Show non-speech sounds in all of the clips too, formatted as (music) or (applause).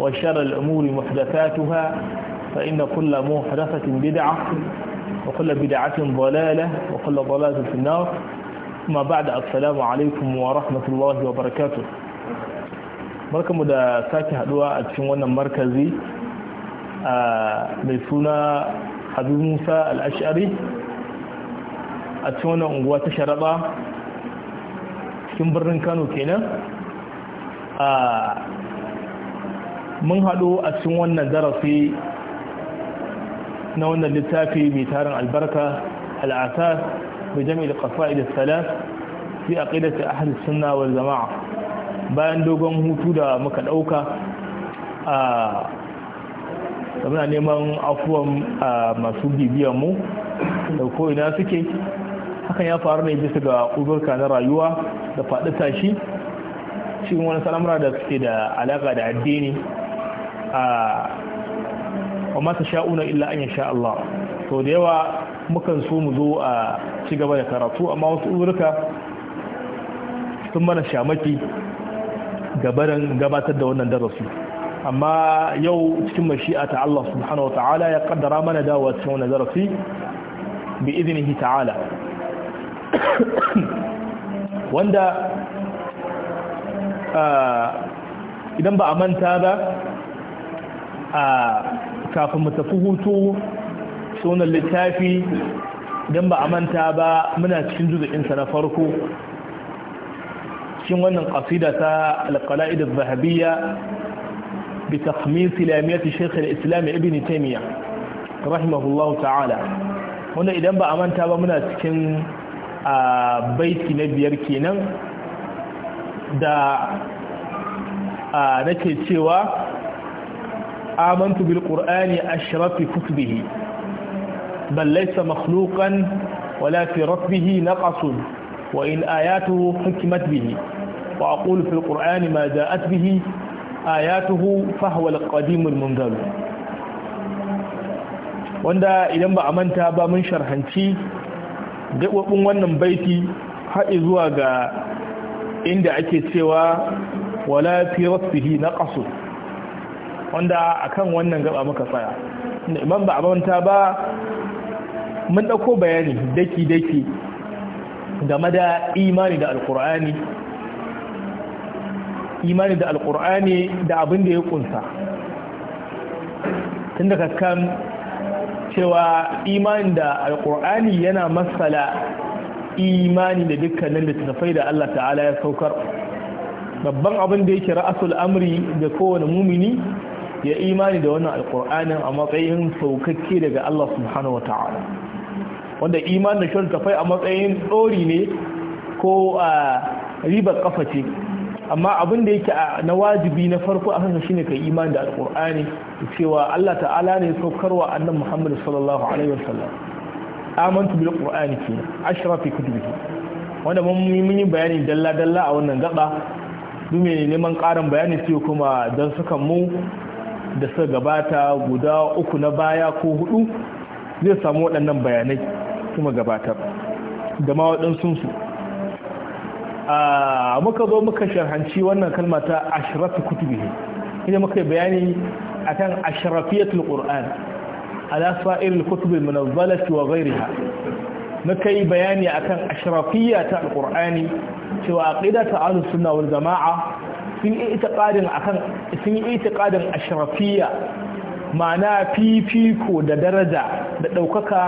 وشر الأمور محدثاتها فإن كل محدثة بدعة وكل بدعة ضلالة وكل ضلالة في النار ثم بعد السلام عليكم ورحمة الله وبركاته barkamu da sake haduwa a cikin wannan markazi mai suna habib musa al'ashari a cikin wannan unguwa cikin birnin kano kenan mun haɗu a cikin wannan darasi na wannan littafi mai tarin albarka al'ata da jami'ar kafa da salas fi a ahli suna wa jama'a bayan dogon hutu da muka ɗauka a muna neman afuwan masu bibiyan mu da ina suke hakan ya faru ne bisa ga uzurka na rayuwa da faɗi tashi cikin wani salamura da suke da alaƙa da addini a wa ta sha'una illa an yasha Allah to da yawa mukan so mu zo a ci gaba da karatu amma wasu uzurka sun mana shamaki gabaran gabatar da wannan darasi amma yau cikin mashi'a ta Allah subhanahu wata'ala ya kaddara mana da cikin wannan darasi bi iznihi ta'ala (coughs) wanda idan ba a manta ba a kafin mu tafi hutu sunan littafi don ba a manta ba muna cikin juzukinsa na farko cikin wannan ƙasida ta alƙala'id zahabiyya bi takhmin silamiyyati shaykh al-islam ibn taymiya rahimahullah ta'ala wanda idan ba a manta ba muna cikin a baiti na biyar kenan da a nake cewa amantu bil qur'ani ashrafi kutubihi bal laysa makhluqan wala fi rabbihi naqasun wa in ayatuhu hukimat bihi wa aqulu fil qur'ani ma ja'at bihi ayatuhu fa huwa al qadim al munzal wanda idan ba a manta ba mun sharhanci gaɓaɓɓun wannan baiti haɗi zuwa ga inda ake cewa wala fi rabbihi naqasun wanda akan wannan gaba muka tsaya imam ba abanta ba mun dauko bayani daki daki game da imani da alqur'ani imani da alqur'ani da abin da ya kunsa Tunda da cewa imani da alqur'ani yana masala imani da dukkanin da littattafai da Allah ta'ala ya saukar babban abin da yake ra'asul amri da kowane mumini ya imani da wannan alkur'anin a matsayin saukakke daga Allah subhanahu wata'ala wanda imanin da shan tafai a matsayin ɗori ne ko a ribar kafa ce amma abin da yake na wajibi na farko a kansa shine kai imani da alkur'ani cewa Allah ta'ala ne saukarwa annan Muhammad sallallahu alaihi wasallam amantu bil qur'ani kenan ashrafi kutubihi wanda mun yi bayani dalla dalla a wannan gaba dume neman karin bayani sai kuma dan sukan mu da suka gabata guda uku na baya ko hudu zai samu waɗannan bayanai kuma gabatar da ma waɗansunsu a muka zo muka sharhanci wannan kalma ta ashrafi kutubi inda muka yi bayani akan ashrafiyatul qur'an ala sa'iril kutubil munazzalati wa ghayriha muka yi bayani akan ashrafiyya ta Alƙur'ani cewa a ahlus suna wal jama'a sun yi itiqadin akan sun yi itiqadin ashrafiyya ma'ana fifiko da daraja da ɗaukaka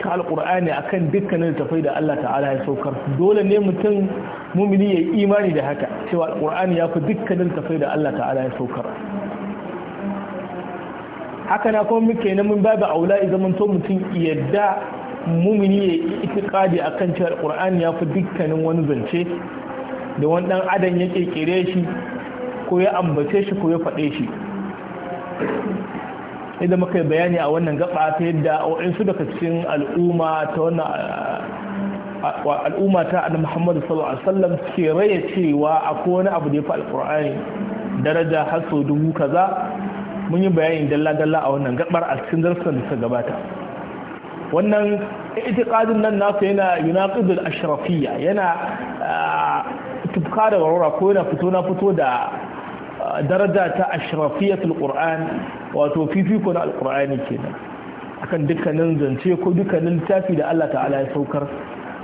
ta alƙur'ani akan dukkanin tafai da Allah ta'ala ya saukar dole ne mutum mumini ya imani da haka cewa alƙur'ani ya fi dukkanin tafai da Allah ta'ala ya saukar haka na kuma muke na mun babu aula idan mun to mutum yadda mumini ya yi a akan cewa alƙur'ani ya fi dukkanin wani zance da wani dan adam ya kekere shi ko ya ambace shi ko ya faɗe shi idan muka yi bayani a wannan gaba ta yadda waɗansu daga cikin al'umma ta wannan al'umma ta annabi Muhammadu sallallahu alaihi wasallam raya cewa akwai wani abu da ya fi Alƙur'ani daraja har sau dubu kaza mun yi bayani dalla dalla a wannan gabar a cikin darsan da ta gabata wannan itikadin nan nasu yana yunaqidul ashrafiyya yana tufka da warwara ko yana fito na fito da daraja ta ashrafiyatul qur'an wato fifiko na alqur'ani kenan akan dukkanin zance ko dukkanin tafi da Allah ta'ala ya saukar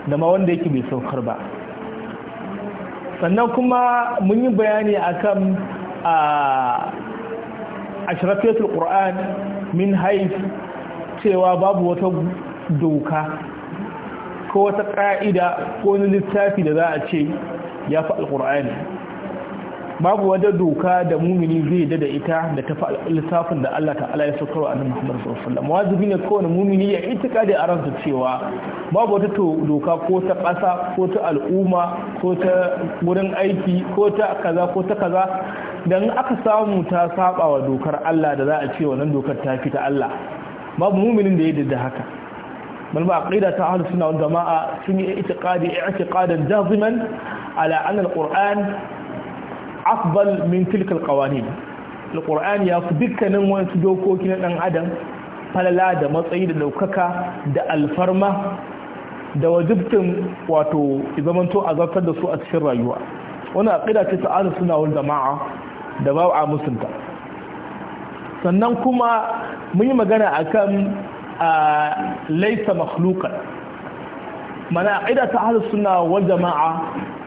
da ma wanda yake bai saukar ba sannan kuma mun yi bayani akan a ashrafiyatul qur'an min haif cewa babu wata doka ko wata ka'ida ko wani littafi da za a ce ya fi alqur'ani babu wata doka da mumini zai dada da ita da tafi lissafin da Allah ta'ala ya saukar wa annabi Muhammad sallallahu alaihi wasallam wajibi ne kowane mumini ya itikadi a cewa babu wata doka ko ta ƙasa ko ta al'umma ko ta wurin aiki ko ta kaza ko ta kaza dan aka samu ta saba wa dokar Allah da za a ce wannan dokar ta fita Allah babu muminin da ya yadda da haka bal ba aqida ta ahlus sunna wal jamaa sun yi itiqadi i'tiqadan jaziman ala anna al-qur'an afdal min tilkal ƙawani Alƙur'ani ya fi dukkanin wasu dokoki na dan adam falala da matsayi da daukaka da alfarma da wajibtin wato zamanto a zartar da su a cikin rayuwa wani aqida ce ta ala sunna wal jama'a da ba a musulta sannan kuma mun yi magana akan laisa makhluqan mana aqida ta ala sunna wal jama'a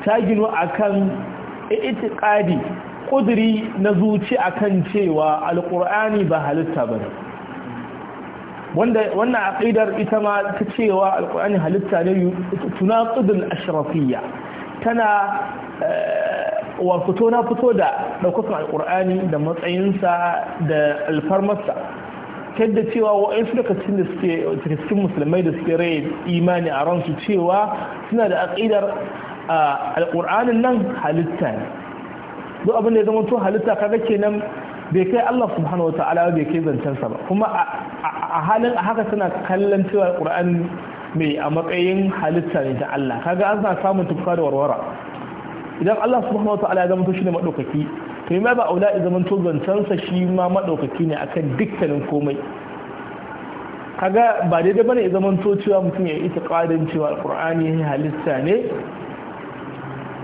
ta gino akan itiqadi kudiri na zuci akan cewa alqur'ani ba halitta bane wanda wannan aqidar ita ma ta cewa alqur'ani halitta ne tunaqidul ashrafiyya tana eh, wa fito na fito da daukakan alqur'ani da matsayinsa da alfarmarsa kadda cewa wa'ansu daga cikin da suke cikin musulmai da suke rai imani a ransu cewa suna da aƙidar. a alƙur'anin nan halitta ne duk abin da ya zama to halitta kaga kenan bai kai Allah subhanahu wa ta'ala bai kai zancensa ba kuma a halin haka suna kallon cewa alƙur'ani mai a matsayin halitta ne ta Allah kaga an sa samun tufka da warwara idan Allah subhanahu wa ta'ala ya zama to shine madaukaki to ma ba aula ya zama to zancensa shi ma madaukaki ne akan dukkanin komai kaga ba daidai bane ya zama to cewa mutum ya yi ita cewa alqur'ani halitta ne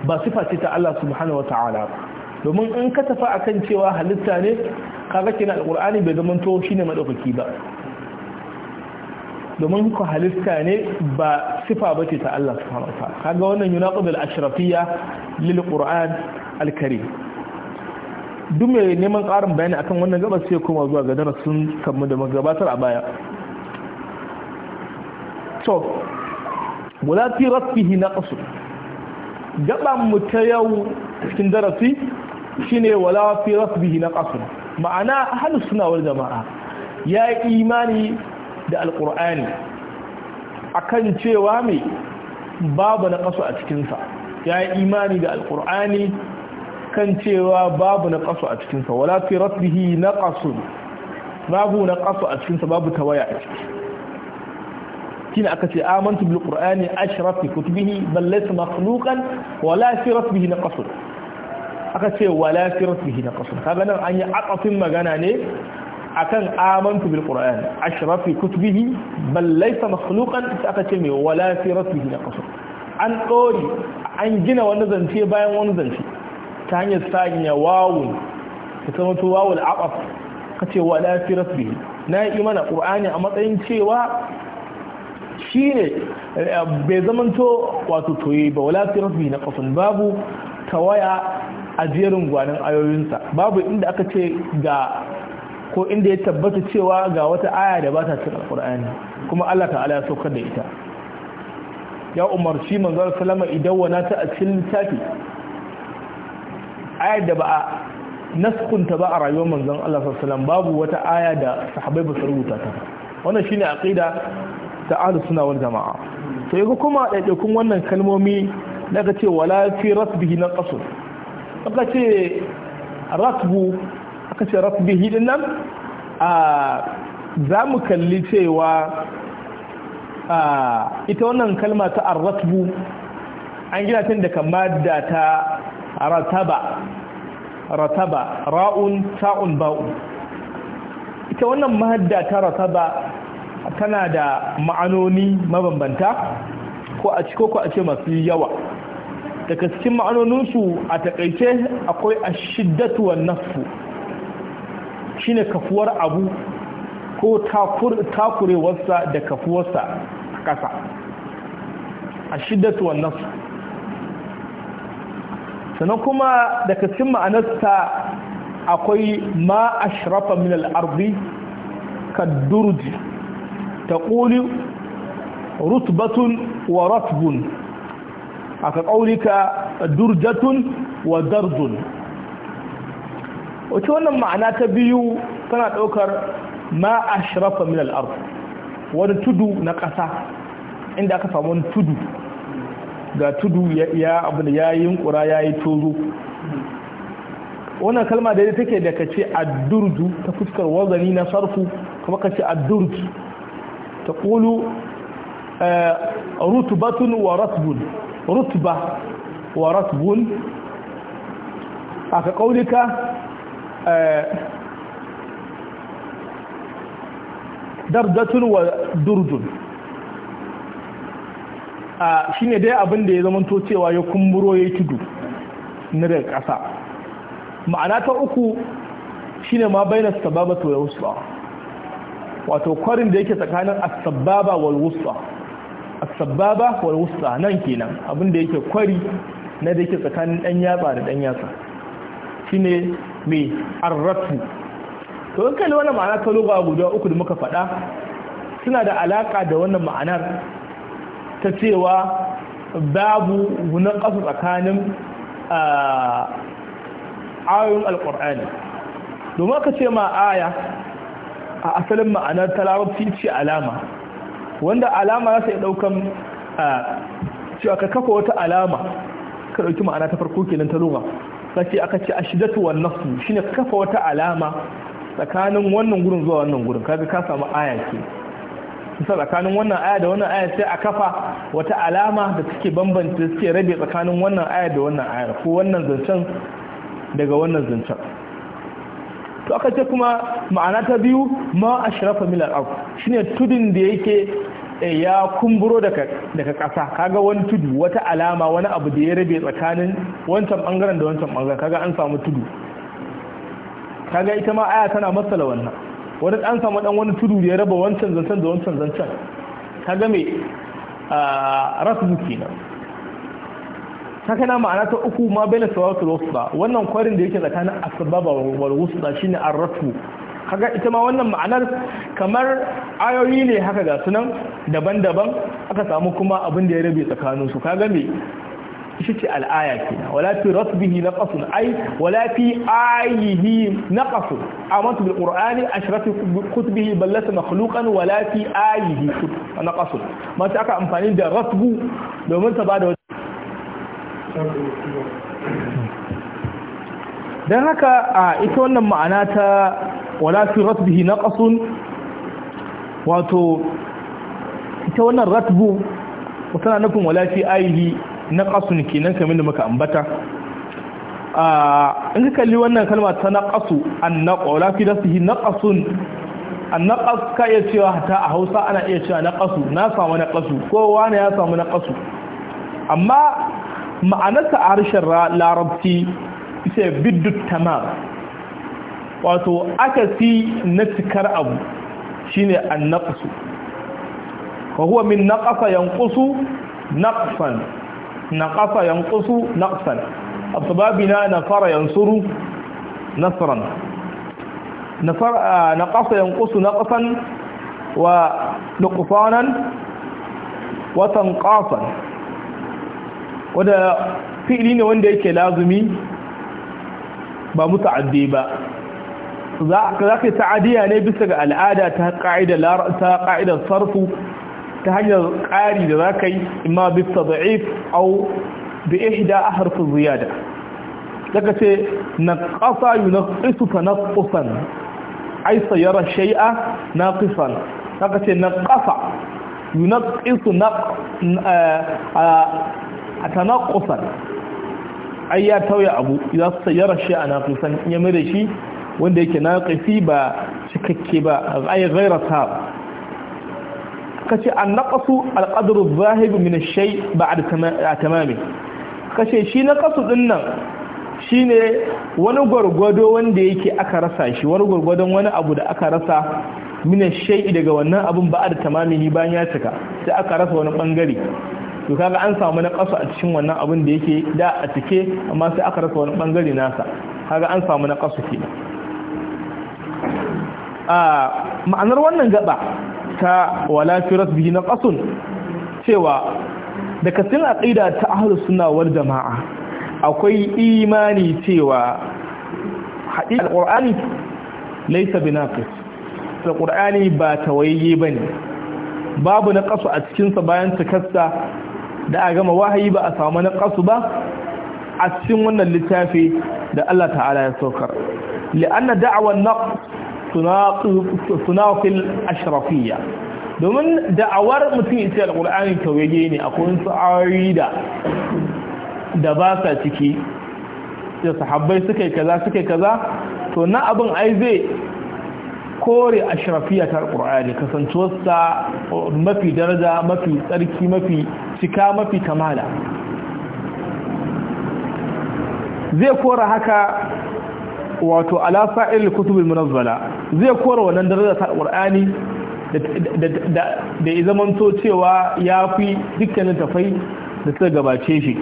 ba sifa ce ta Allah subhanahu wataala domin in ka tafi akan cewa halitta ne kaga kina alqur'ani bai zama to shine madaukaki ba domin ku halitta ne ba sifa ba ce ta Allah subhanahu wataala kaga wannan yunaqid al-ashrafiyya lil qur'an al-karim duk mai neman ƙarin bayani akan wannan gaba sai kuma zuwa ga darasin kanmu da magabatar a baya to wala fi rafihi naqsu Gabanmu ta yau cikin darasi shine wala fi rasbihi na qasr ma'ana ahlus sunna wal jama'a ya yi imani da alqur'ani akan cewa me babu na qasu a cikin sa ya yi imani da alqur'ani kan cewa babu na qasu a cikin sa wala fi rasbihi na qasu babu na qasu a cikin sa babu tawaya a ciki shine aka ce amantu bil qur'ani ashraf fi kutubihi bal laysa makhluqan wala fi rasbihi naqasu aka ce wala fi rasbihi naqasu kaga nan an yi aqafin magana ne akan amantu bil qur'ani ashraf fi kutubihi bal laysa makhluqan aka ce me wala fi rasbihi naqasu an dori an gina wani zance bayan wani zance ta hanyar sanya wawun ta zama to wawul aqaf kace wala fi bihi na yi imana qur'ani a matsayin cewa shine bai zamanto wato toye ba wala firfi na kafin babu tawaya a jerin gwanin ayoyinsa babu inda aka ce ga ko inda ya tabbata cewa ga wata aya da ba ta cikin alkur'ani kuma Allah ta'ala ya saukar da ita ya umarci manzo sallama idan wana ta a cikin littafi ayar da ba a naskunta ba a rayuwar manzon Allah sallallahu alaihi babu wata aya da sahabbai ba su rubuta ta wannan shine aqida da ahlus suna wal jama'a to yaga kuma ɗaiɗaikun wannan kalmomi na ga ce wala fi rasbihi na ƙasu aka ce rasbu aka ce rasbihi din nan a za mu kalli cewa a ita wannan kalma ta arratbu an gina tun da kama da ta rataba rataba ra'un ta'un ba'un ita wannan mahadda ta rataba tana da ma'anoni mabambanta ko a ciko ko a ce masu yawa daga cikin ma'anoninsu a takaice akwai a shiddatu nasu shine kafuwar abu ko takurewarsa da kafuwarsa a ƙasa a shiddatu nasu sannan kuma daga cikin ma'anarsa akwai ma shirafa min al ka durji تقول رتبة ورطب أكقولك درجة ودرج وتوانا معنا تبيو كانت أكر ما أشرف من الأرض ونتدو نقصة عندك فمن تدو ga tudu ya abin ya yi yunkura ya yi tozo wannan kalma da take da kace addurju ta fuskar wazani na sarfu kuma kace addurju تقول رتبة ورطب رتبة ورطب كقولك dardajun wa durjun a shi ne dai abinda ya zamanto cewa ya kumburo ya yi tudu na daga ƙasa ma'ana ta uku shi ne ma bayan sababata ya wasu ba wato kwarin da yake tsakanin asababa wal wusta as wal wusta nan kenan abin da yake kwari na da yake tsakanin dan yatsa da dan yatsa shine mai arrafu. to in kalli wannan ma'ana ta lugha guda uku da muka faɗa suna da alaka da wannan ma'anar ta cewa babu wani ƙasa tsakanin ayoyin alƙur'ani domin aka ce ma aya a asalin ma'anar ta larabci ce alama wanda alama za ta yi ɗaukan cewa ka kafa wata alama ka dauki ma'ana ta farko kenan ta za ce aka ce ashidatu wan nafsu shine ka kafa wata alama tsakanin wannan gurin zuwa wannan gurin kaga ka samu aya ke kusa tsakanin wannan aya da wannan aya sai a kafa wata alama da suke bambanta suke rabe tsakanin wannan aya da wannan aya ko wannan zancen daga wannan zancen to aka ce kuma ma'ana ta biyu ma ashrafa min al-ard shine tudin da yake eh, ya kumburo daga daga ƙasa kaga wani tudu wata alama wani abu da ya rabe tsakanin wancan bangaren da wancan bangaren kaga an samu tudu kaga ita ma aya tana masala wannan wani an samu dan wani tudu da ya raba wancan zancen da wancan zancen kaga me a ah, rasu kenan haka na ma'ana ta uku ma bai da sawatu ba. wannan kwarin da yake tsakanin asbaba wal wusta shine arrafu kaga ita ma wannan ma'anar kamar ayoyi ne haka ga sunan daban-daban aka samu kuma abin da ya rabe tsakanin su kaga me shi ce al'aya kenan wala fi rasbihi naqasun ai wala fi ayihi naqasun amatu bil qur'ani ashratu kutbihi ballata makhluqan wala fi ayihi naqasun mata aka amfani da rasbu domin ta bada don haka a ita wannan ma'ana ta wala fi ratbihi na ƙasun wato ita wannan ratbu tana nufin wala fi aihi na ƙasun kenan kamar da muka ambata in ka kalli wannan kalma ta na ƙasu an na wala fi na ƙasun an na ƙas ka iya cewa hata a hausa ana iya cewa na ƙasu na samu na ƙasu kowa ne ya samu na ƙasu amma ma'anarsa a harshen larabci ita biddu tamar wato akasi na cikar abu shine annaqsu wa huwa min naqasa ƙusu naqsan naqasa yanqusu naqsan asbabina nafara yansuru nasran nafara naqasa ƙusu naqsan wa nuqsanan wa ƙasan. wanda fi'ili ne wanda yake lazumi ba muta'addi ba za ka ta'adiyya ne bisa ga al'ada ta ka'ida ta ka'idar sarfu ta hanyar ƙari da za ka yi imma bi tad'if aw bi ihda ahruf ziyada daga ce naqasa yunqisu tanqusan ay sayara shay'a naqisan daga ce naqasa yunqisu naq eh, a tanakusan ai ya tauya abu ya sayar shi a in ya mai shi wanda yake naqisi ba cikakke ba ai ghaira ta kace an naqasu al qadru al zahib min al shay ba'da tamami kace shi naqasu din nan shine wani gwargwado wanda yake aka rasa shi wani gwargwadon wani abu da aka rasa min al shay daga wannan abun ba'da tamami bayan ya cika sai aka rasa wani bangare to kaga an samu na kasu a cikin wannan abin da yake da a cike amma sai aka rasa wani bangare nasa kaga an samu na kasu ke a ma'anar wannan gaba ta wala firas bihi na ƙasun cewa da kasin aqida ta ahlus sunna wal jamaa akwai imani cewa hadith alqur'ani laysa binaqis alqur'ani ba tawayyi bane babu na a cikinsa bayan cikarsa da a gama wahayi ba a samu na kasu ba a cikin wannan littafi da Allah ta'ala ya saukar li'anna da'awar na sunafil ashrafiyya domin da'awar mutum ita al’ul’ani tawaye ne akwai su ayoyi da da ba sa ciki da sahabbai suka yi kaza suka yi kaza to na abin ai zai kore ashrafiya ta alqur'ani mafi daraja mafi tsarki mafi cika mafi kamala zai kora haka wato alafa fa'il kutubul munazzala zai kora wannan daraja ta qur'ani da da zamanto cewa fi dukkanin tafai da suka gabace shi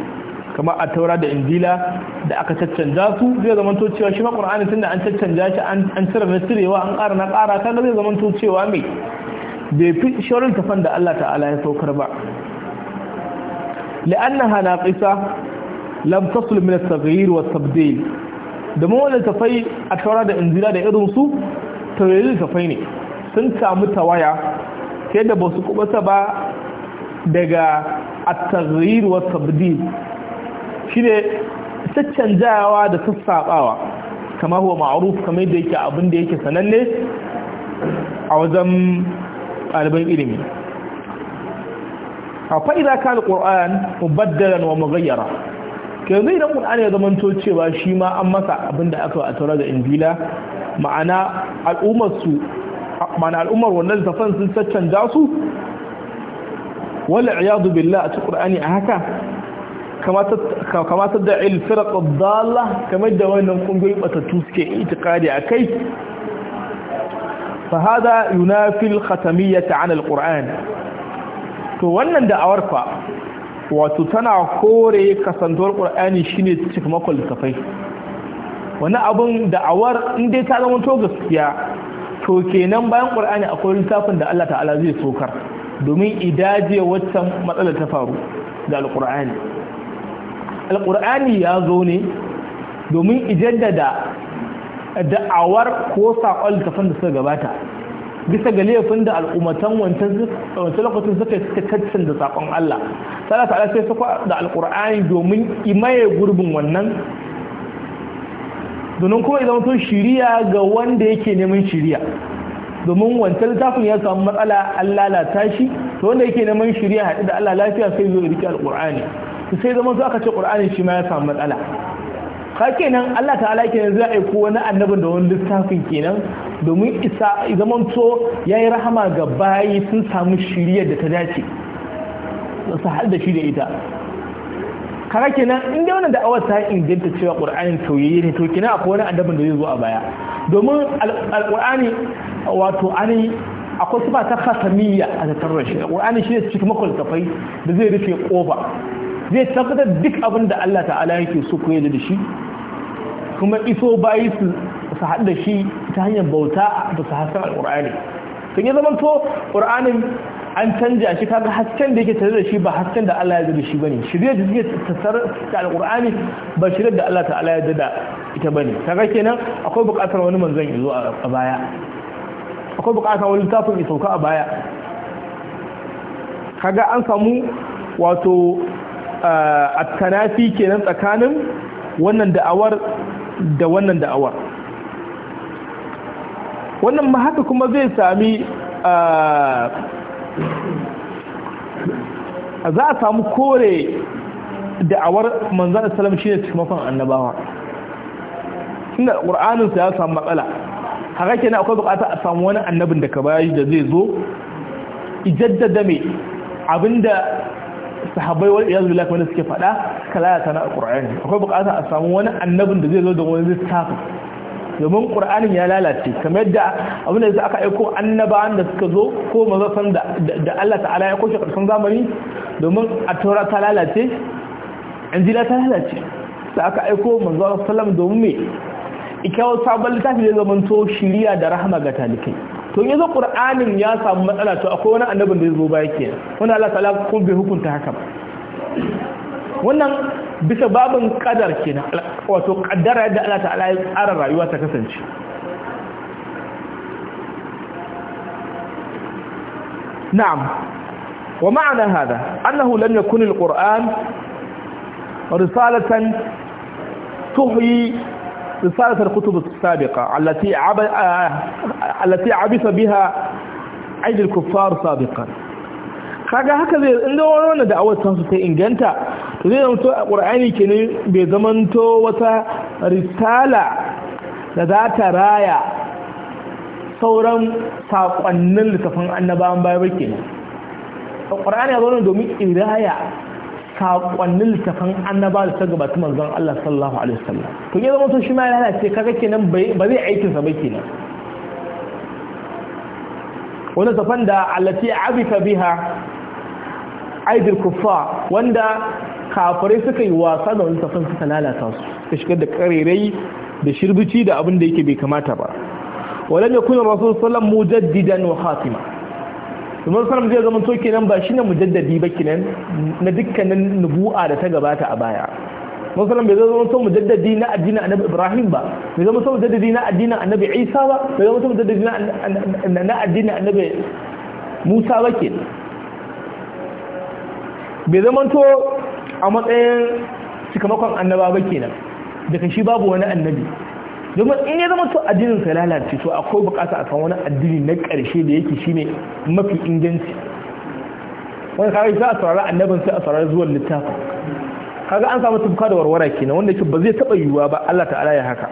kamar a taura da injila da aka caccanja su zai zamanto cewa shi ma qur'ani tunda an caccanja shi an cire na cirewa an ƙara na ƙara kaga zai zamanto cewa me bai fi shawarar tafan da Allah ta'ala ya saukar ba لأنها ناقصة لم تصل من التغيير والتبديل domin wannan tafai a taura da inzila da irinsu taurarin tafai ne sun samu tawaya sai da ba su kubata ba daga at-taghyir shi ne shine jayawa da sassaƙawa kama huwa ma'ruf kamar da yake abin da yake sananne a wajen ɗaliban ilimi فإذا كان القرآن مبدلا ومغيرا yanzu idan Qur'ani ya zamanto cewa shi ma an masa abinda da aka a tare da Injila ma'ana al'ummar su ma'ana al'ummar wannan zafan sun caccanja su wala iyadu billah a Qur'ani a haka kamata da ilfirat dalla kamar da wannan kungiyoyi batattu suke itikadi a kai fa hada yunafil al-khatamiyyah 'an al-Qur'an to wannan da'awar fa wato tana kore kasantuwar ƙur'ani shine cikamakon littafai wani abun da'awar in dai ta zama to gaskiya to kenan bayan ƙur'ani akwai littafin da Allah ta'ala zai sokar domin idaje waccan matsalar ta faru da alƙur'ani alƙur'ani ya zo ne domin ijaddada da'awar ko saƙon littafin da suka gabata bisa ga laifin da al'ummatan wancan lokacin suka suka kacin da sakon Allah sallallahu ta'ala sai suka da alqur'ani domin imaye gurbin wannan domin kuma idan mutum shiriya ga wanda yake neman shiriya domin wancan littafin ya samu matsala an lalata shi to wanda yake neman shiriya haɗu da Allah lafiya sai zo ya rike alqur'ani sai zama zo aka ce qur'ani shi ma ya samu matsala ka kenan Allah ta'ala kenan zai aiko wani annabin da wani lissafin kenan domin isa zaman to yayi rahama ga bayi sun samu shirya da ta dace su har da shi da ita kaga kenan in dai wannan da'awar ta inganta cewa qur'anin tauye ne to kina akwai wani annabin da zai zo a baya domin alqur'ani wato ani akwai sifa ta khatamiyya a da shi alqur'ani shi ne cikin makwaltafai da zai rufe kofa zai tabbatar duk abin da Allah ta'ala yake so koyar da shi kuma iso bayi su su haɗa shi ta hanyar bauta da su hasan al'ur'ani sun yi zaman to ƙur'anin an canja shi kaga hasken da yake tare da shi ba hasken da Allah ya zai da shi ne shirye da suke tattare da alƙur'ani ba shirya da Allah ta'ala ya da ita ba ne kaga kenan akwai buƙatar wani manzon ya zo a baya akwai buƙatar wani littafin ya sauka a baya kaga an samu wato eh, a tanafi kenan tsakanin wannan da'awar da wannan da'awar wannan ma haka kuma zai sami za a samu kore da'awar manzana salam shi ne mafan annabawa inda ƙur'aninsa ya samu matsala haka na akwai bukata a samu wani annabin da ka bayi da zai zo ijaddada mai abinda sahabbai wani iyazu billahi wanda suke faɗa kalaya na alqur'ani akwai bukata a samu wani annabin da zai zo da wani littafi domin qur'anin ya lalace kamar yadda abin da aka aiko annabawan da suka zo ko manzon da Allah ta'ala ya koshe karshen zamani domin a taura ta lalace injila ta lalace da aka aiko manzo sallallahu alaihi wasallam domin me ikawo sabon littafi zai to shiriya da rahama ga talikai to in yazo qur'anin ya samu matsala to akwai wani annabin da yazo baya kenan wannan Allah ta'ala kun bai hukunta haka ba wannan bisa babin kadar kenan wato kaddara yadda Allah ta'ala ya tsara rayuwa ta kasance na'am wa ma'ana hada annahu lam yakun alquran risalatan tuhyi رسالة الكتب السابقة التي عب... التي عبث بها عيد الكفار سابقا kaga haka zai inda wannan da da'awar tansu ta inganta to zai zama a ƙur'ani ke ne bai zamanto wata risala da za ta raya sauran saƙonnin littafin annabawan baya ba ke ƙur'ani ya zo ne domin iraya saƙonnin littafin annaba da ta gabata manzon Allah sallallahu alaihi wasallam to ya zama to shi ma ya lalace kaga kenan ba zai aikin sa ba kenan wani tafan da allati abika biha aidil kuffa wanda kafirai suka yi wasa da wani tafan suka lalata su ka shigar da karerai da shirbici da abin da yake bai kamata ba walam yakun rasul sallallahu alaihi wasallam mujaddidan wa khatima domin sanar zai zama to kenan ba shine mujaddadi ba kenan na dukkanin nubu'a da ta gabata a baya musulun bai zama son mujaddadi na addinin annabi ibrahim ba bai zama son mujaddadi na addinin annabi isa ba bai zama son mujaddadi na addinin annabi musa ba ke bai zama to a matsayin cikamakon annaba ba ke nan daga shi babu wani annabi domin in ya zama to addinin sa lalace to akwai bukata a san wani addini na karshe da yake shine mafi inganci wani kawai za a saurari annabin sai a saurari zuwan littafi kaga an samu tufka da warwara kenan wanda ke ba zai taba yiwuwa ba Allah ta'ala ya haka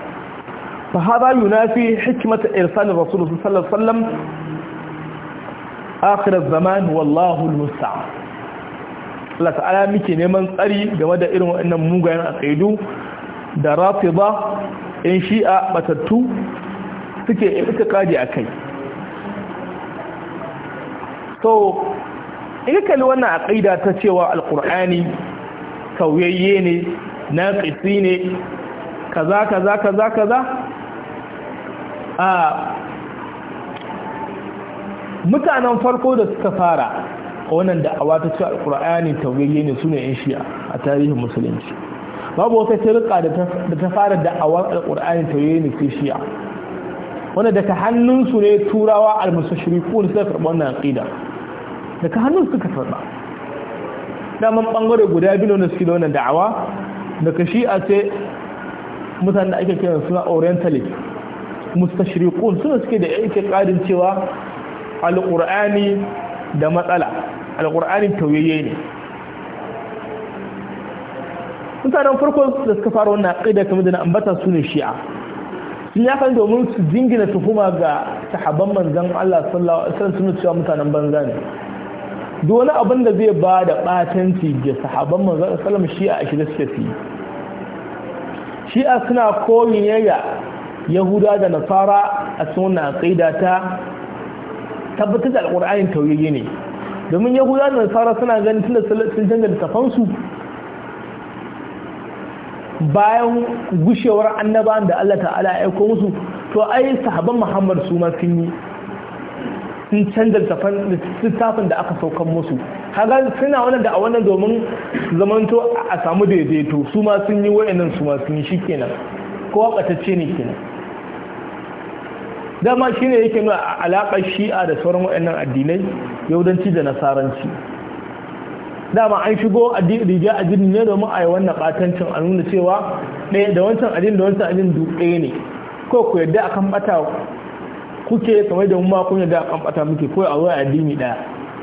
fa hada yunafi hikmata irsal rasul sallallahu alaihi wasallam akhir az-zaman wallahu al-musta'an Allah ta'ala muke neman tsari game da irin waɗannan mugayen aqidu da rafida in shi'a matattu suke ita kaji a kai so in kalli wannan aƙida ta cewa alƙur'ani sauyayye ne na ƙisi ne kaza kaza kaza kaza a mutanen farko da suka fara wannan da'awa ta cewa alƙur'ani sauyayye ne su ne 'yan shi'a a tarihin musulunci babu wata firka da ta fara awar alƙur'ani ta yi nufi shi'a wanda daga hannunsu ne turawa da suka karɓar na aƙida daga hannun suka karɓa daman ɓangare guda biyu na suke da wannan da'awa daga shi'a sai mutane da ake kiran suna orientalist mustashirikun suna suke da yake ƙadin cewa alƙur'ani da matsala alƙur'ani tauyayye ne mutanen farko da suka fara wannan aqida kamar da na ambata su ne shi'a sun ya kan domin su jingina tuhuma ga sahabban manzon Allah sallallahu alaihi wasallam sun ci mutanen banza ne dole abin da zai ba da batanci ga sahabban manzon Allah sallallahu alaihi shi'a a shirye suke shi'a suna koyin ga yahuda da nasara a cikin wannan aqida ta tabbatar da alqur'anin tauhidi ne domin yahuda da nasara suna ganin tunda sun canza da tafansu bayan gushewar annaban da Allah ta'ala ya aiko musu to ai sahaban Muhammad su ma sun yi sun canza littafin da aka saukan musu kaga suna wannan da a wannan domin zamanto a samu daidaito su ma sun yi wayannan su ma sun yi shikenan kowa wakatacce ne kenan dama shine yake nuna alaƙar shi'a da sauran wayannan addinai yaudanci da nasaranci dama an shigo riga jini ne domin a yi wannan batancin a nuna cewa ɗaya da wancan addini da wancan addini duk ne ko ku yadda kan bata kuke kamar da mu ma kun yadda a kan bata muke ko a zo a addini ɗaya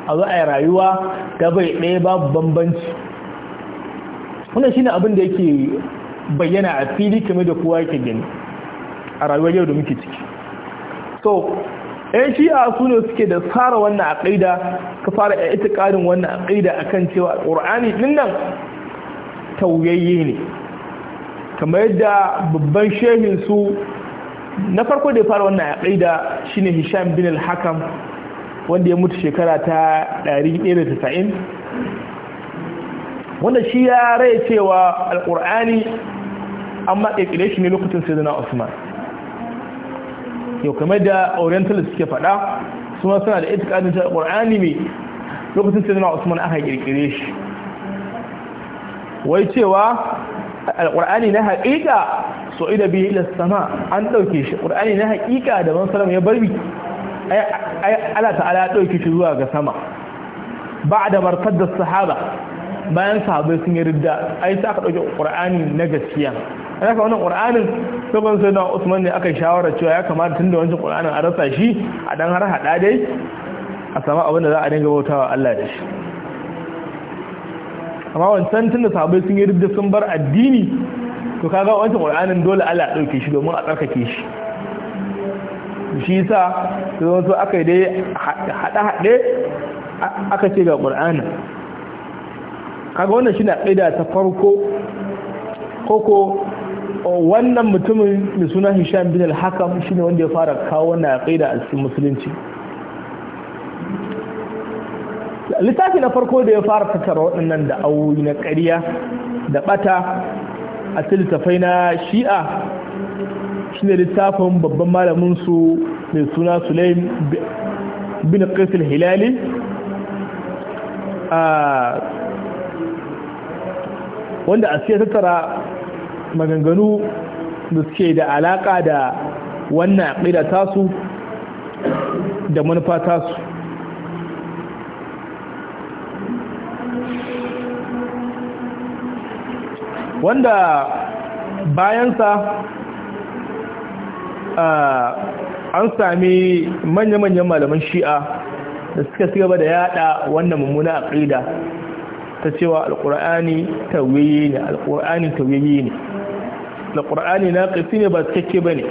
a zo a yi rayuwa ta bai ɗaya babu bambanci wannan shine abin da yake bayyana a fili kamar da kowa yake gani a rayuwar yau da muke ciki so yan eh, shi'a su ne suke da fara wannan aqida ka fara ya ita ƙarin wannan aqida akan cewa alqur'ani din nan tauyayye ne kamar yadda babban shehin su na farko da ya fara wannan aqida shine Hisham bin al-Hakam wanda ya mutu shekara ta 190 wanda shi ya rai cewa alqur'ani amma ƙirƙire shi ne lokacin sayyidina Usman yau kamar da orientalist suke faɗa suna suna da itikadin ta qur'ani ne lokacin sayyidina usman aka kirkire shi wai cewa alqur'ani na haƙiƙa so ida bihi ila sama an dauke shi qur'ani na haƙiƙa da man salam ya barbi ai ta'ala ya dauke shi zuwa ga sama ba'da martadda sahaba bayan sahabai sun yi ridda ai sai aka ɗauki ƙur'ani na gaskiya a haka wannan ƙur'anin saban sai na usman ne aka shawara cewa ya kamata tun da wancan ƙur'anin a rasa shi a dan har haɗa dai a samu abin da za a dinga bautawa Allah da shi amma wancan tun da sahabai sun yi ridda sun bar addini to kaga wancan ƙur'anin dole Allah ya dauke shi domin a tsarkake shi shi yasa sai wasu aka yi dai haɗe-haɗe aka ce ga ƙur'anin kaga wannan shi na kaida ta farko koko oh, wannan mutumin mai suna hisham bin al-hakam shine wanda ya fara kawo wannan kaida a cikin musulunci littafi na farko da ya fara tattara waɗannan da auyi na ƙarya da ɓata a littafai na shi'a shine littafin babban malamin su mai suna sulaim bin qais al-hilali ah, wanda a siya tattara maganganu da suke da alaƙa da wannan aƙida tasu da manufa tasu wanda bayansa an sami manya-manyan malaman shi'a da suka gaba da yada wannan mummuna aqida ta cewa alkur'ani tawiyi ne alkur'ani tawiyi ne alkur'ani na ƙasi ne ba cikakke ba ne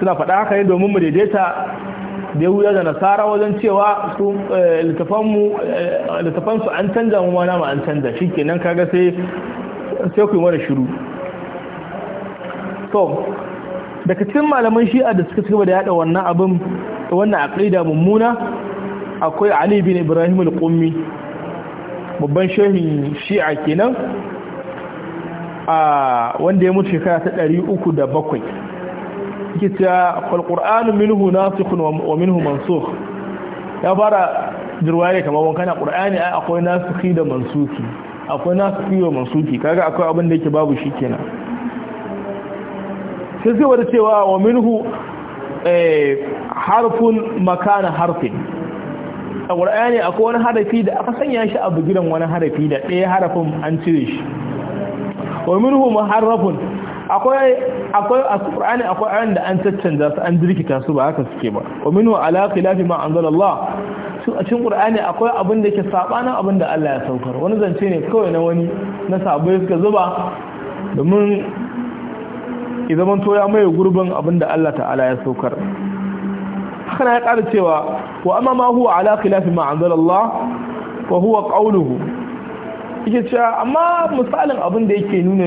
suna faɗa haka ne domin mu daidaita da yahuda da nasara wajen cewa su eh, eh, littafansu an canza mu mana ma an canza shi kenan kaga sai sai ku yi mana shiru to daga cikin malaman shi'a da suka cigaba da yada wannan abin wannan aqida mummuna akwai ali bin ibrahim al-qummi babban shehin shi'a kenan a wanda ya mutu shekara ta 307 kita falqur'anu minhu nasikhun wa minhu mansukh ya fara jirwaye kamar wankan qur'ani ai akwai nasikhi da mansuki akwai nasikhi da mansuki kaga akwai abin da yake babu shi kenan sai sai wanda cewa wa minhu eh, harfun makana harfin a ƙwar'ani akwai wani harafi da aka sanya shi a bugiran wani harafi da ɗaya harafin an cire shi wa minhu muharrafun akwai a ƙwar'ani akwai ayan da an caccanja su an jirkita su ba haka suke ba wa minhu ala khilafi ma anzalallah a cikin qur'ani akwai abin da ke sabanin abin da Allah ya saukar wani zance ne kawai na wani na sabai suka zuba domin mun toya mai gurbin abin da Allah ta'ala ya saukar haka na ya ƙara cewa وأما ما هو على خلاف ما أنزل الله وهو قوله yake cewa amma misalin abin da yake nuna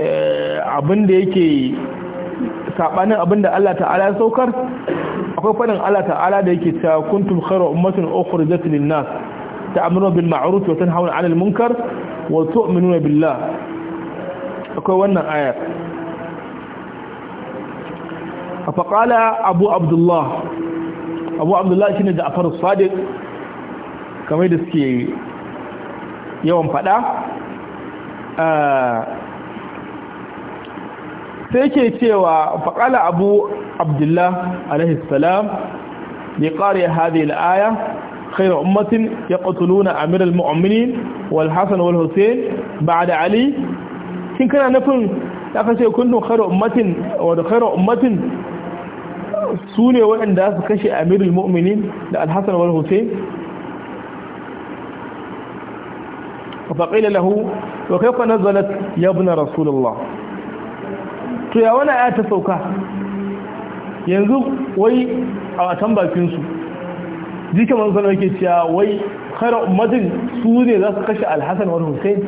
eh, abin yake sabanin abin Allah ta'ala ya saukar akwai fadin Allah ta'ala da yake cewa kuntum khayra ummatin ukhrijat lin nas ta'muruna bil ma'ruf wa tanhauna 'anil munkar wato tu'minuna billa akwai wannan ayar fa abu abdullah abu abdullahi shi ne da as-sadiq kamar da suke yawan fada eh, sai ke cewa faƙala abu abdullahi alaihi salam ya ƙare hadhihi al-aya خير أمة يقتلون أمير المؤمنين والحسن والحسين بعد علي shin kana nufin ya kashe kuntum khairu ummatin wa khairu ummatin su ne waɗanda su kashe amirul mu'minin da alhassan wal hussein faƙila lahu wa kai fa nazalat ya buna rasulullah to ya wani aya ta sauka yanzu wai a can bakinsu jika manzana yake cewa wai kare ummatin su ne za su kashe alhassan wal hussein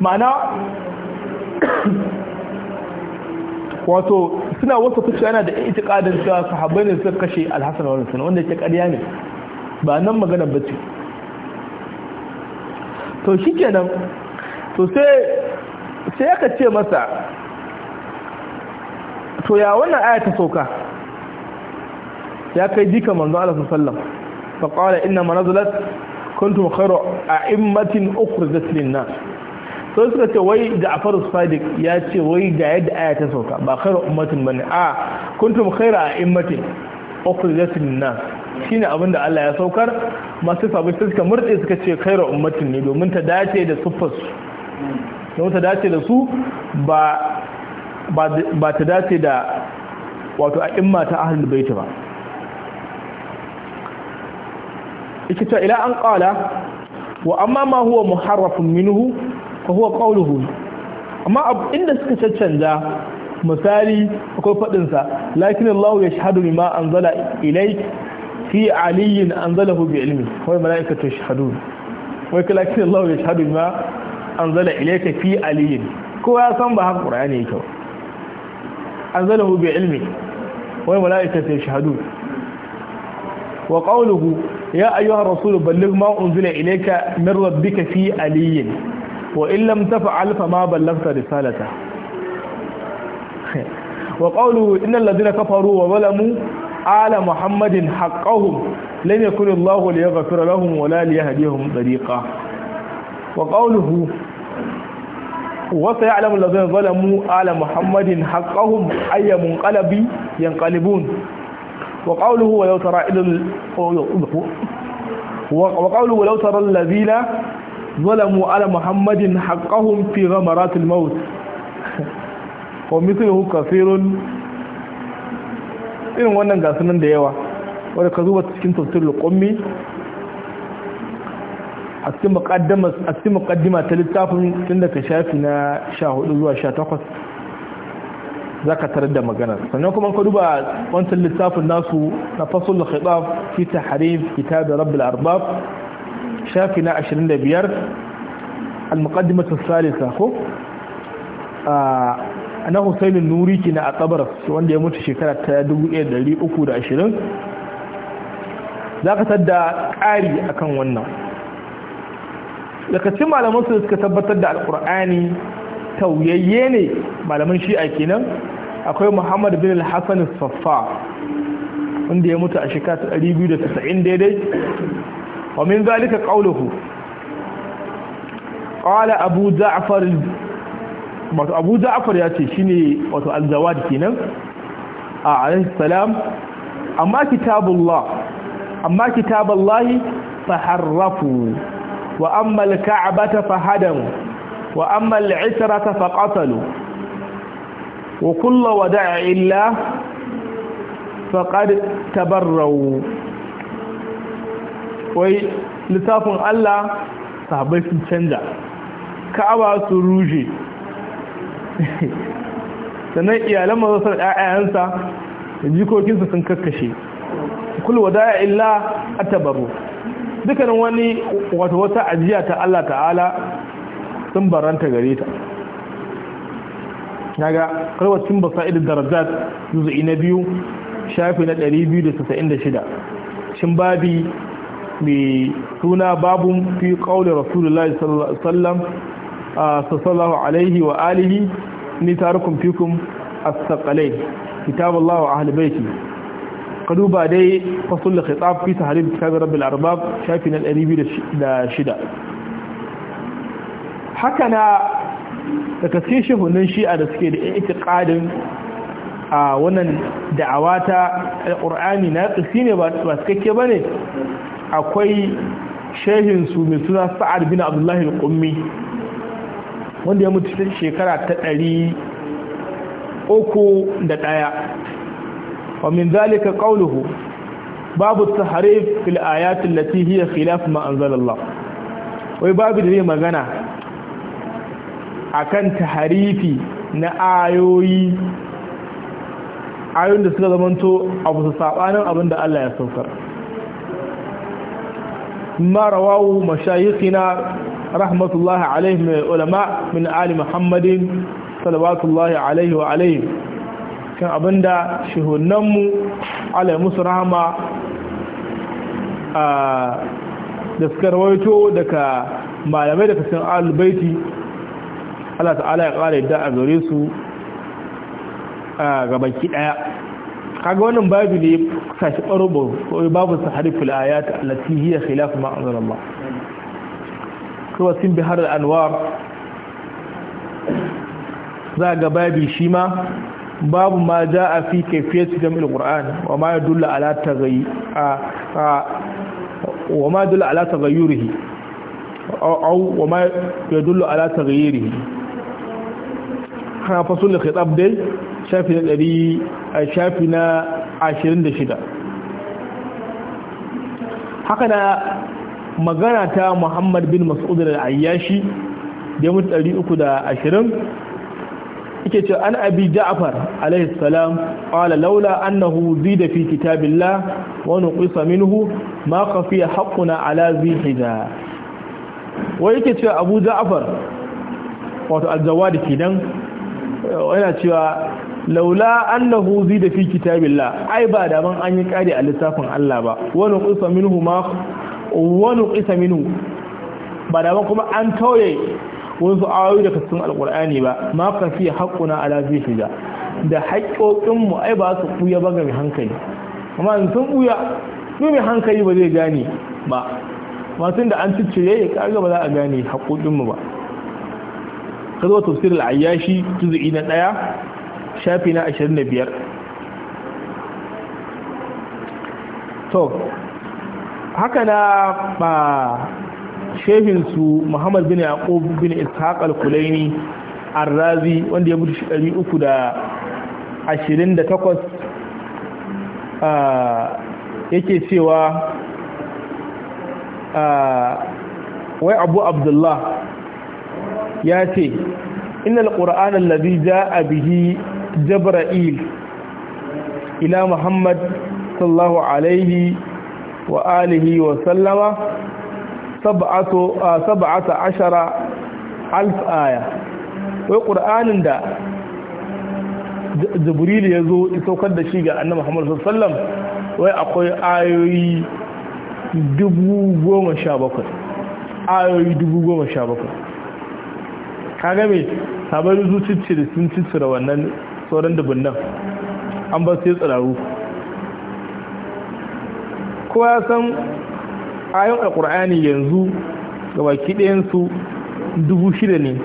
ma'ana wato suna wasu kusa yana da kadin cewa sahabbai ne suka kashe alhassan wa hussein wanda ke karya ne ba nan magana ba ce to shi kenan to sai aka ce masa to ya wannan aya ta sauka ya kai jika manzo Allah sallallahu alaihi wasallam fa qala inna manazalat kuntum khayra a'immatin ukhrijat lin-nas sai suka ce wai da afar Sadiq ya ce wai ga yadda aya ta sauka ba khairu ummatin bane a kuntum khaira ummatin ukhrijat nas shine abinda Allah ya saukar masu sabu suka murde suka ce khairu ummatin ne domin ta dace da sufas domin ta dace da su ba ba ta dace da wato a imma ta ahlul bait ba ikita ila an qala wa amma ma huwa muharrafun minhu fa huwa qawluhu amma inda suka caccanja misali akwai fadin sa lakin Allah ya shahadu bima anzala ilayk fi aliyin anzalahu bi ilmi wai malaikatu yashhadun wai lakin Allah ya shahadu bima anzala ilayka fi aliyin kowa ya san ba haka Qur'ani yake ba anzalahu bi ilmi wai malaikatu yashhadun wa qawluhu ya ayyuhar rasul balligh ma unzila ilayka min rabbika fi aliyin وإن لم تفعل فما بلغت رسالته (laughs) وقوله إن الذين كفروا وظلموا آل محمد حقهم لم يكن الله ليغفر لهم ولا ليهديهم طريقا وقوله وسيعلم الذين ظلموا آل محمد حقهم أي منقلب ينقلبون وقوله ولو ترى وقوله ولو ترى الذين ظلموا على محمد حقهم في غمرات الموت (laughs) ومثله كثير irin wannan gasunan nan da yawa wadda ka zuba cikin tafsir lukummi a cikin makaddima ta littafin tun da ka shafi na 14 zuwa 18 za ka tarar da maganar sannan kuma ka duba wancan littafin nasu na fasul khidaf fi tahrif kitab rabbil arbab shafi na 25 al-muqaddimatu salisa ko na Husaini Nuri kina a tsabar wanda ya mutu shekara ta 1320 zaka tada ƙari akan wannan daga cikin malaman su suka tabbatar da alkur'ani tauyayye ne malaman shi'a kenan akwai Muhammad bin al-Hasan as-Saffa wanda ya mutu a shekara 290 daidai ومن ذلك قوله قال أبو جعفر أبو جعفر ياتي شنو وتو الزواج كينم آه، عليه السلام أما كتاب الله أما كتاب الله فحرفوا وأما الكعبة فهدموا وأما العشره فقتلوا وكل ودع إلا فقد تبروا wai littafin Allah sahabai sun canja ka'aba su ruje sannan iyalan mazasar ɗaya'yansa da jikokinsa sun kakkashe kulwa daya illa atabaru dukkanin wani wata wata ajiya ta Allah ta'ala sun baranta gare ta daga karwacin idin darajat zuzu'i na biyu shafi na 296 shin babi mai suna babun fi ƙaunar rasulullahi sallam a sallallahu alaihi wa alihi ni tarukum fikum as-saqalain kitab Allah wa ahli baiti kadu ba dai fasul khitab fi tahrib kitab rabbil arbab shafi na shida. haka na daga cikin shehunan shi'a da suke da itiqadin a wannan da'awa ta alqur'ani na tsini ne ba cikakke bane akwai shehinsu mai suna sa'ad bin abdullahi al-qummi wanda ya mutu shekara ta ɗari uku da ɗaya wa min zalika qawluhu babu ta fil ayat allati khilaf ma zalallah wai babu da zai magana akan taharifi na ayoyi ayoyin da suka zamanto abu su saɓanin abin da Allah ya saukar ما رواه مشايخنا رحمة الله عليهم علماء من آل محمد صلوات الله عليه وعليه كان أبندا شهنم على مصر رحمة da rawaito daga malamai da cikin albaiti Allah ta'ala ya ƙara yadda a gare su a gaban ki ɗaya kaga wannan babu ne sashi ko babu su harifin ayat allati hiya khilaf ma anzal Allah kuma sun bi har anwar za ga babi shi ma babu ma a fi kayfiyati jam'il qur'an wa ma yadullu ala tagayyu wa ma yadullu ala taghayyurihi aw wa ma yadullu ala taghayyurihi kana fasul khitab dai shafi 100 a shafi na 26 haka da magana ta muhammad bin mas'ud al-ayyashi da mutu 320 yake ce an abi ja'far alaihi salam qala laula annahu da fi kitabillah wani ƙusa minhu ma khafiya haƙuna ala zihida wai ike ce abu ja'afar wato da ke nan yana cewa laula annahu zida fi kitabillah ai ba da ban an yi kare a littafin Allah ba wani qisa minhu ma wani qisa minhu ba da ban kuma an tauye wasu ayoyi daga cikin alqur'ani ba ma ka fi haquna ala zihida da haƙƙoƙin mu ai ba su buya ba ga hankali amma in sun buya ni mai hankali ba zai gane ba masu da an ciccire ya kaga ba za a gane haƙoƙin mu ba ka tafsir al-ayyashi juz'i na ɗaya shafi na 25 to haka na ba shehinsu muhammad bin yaqub bin ishaq al-kulaini Ar-Razi, wanda ya mutu shi 328 yake cewa wai abu abdullah ya ce inna al-qur'an allazi ja'a bihi jibril ila muhammad sallallahu alaihi wa alihi wa sallama sab'ata ashara alf aya wai ƙur'anin da jibril ya zo saukar da shi ga annabi muhammad sallallahu wai akwai ayoyi dubu goma sha bakwai ayoyi dubu goma sha bakwai kagame sabon zuciyar da sun cicira wannan sauran dubunan an ba sai tsiraru kowa ya san ayon alkur'ani yanzu ga baki ɗayensu dubu shida ne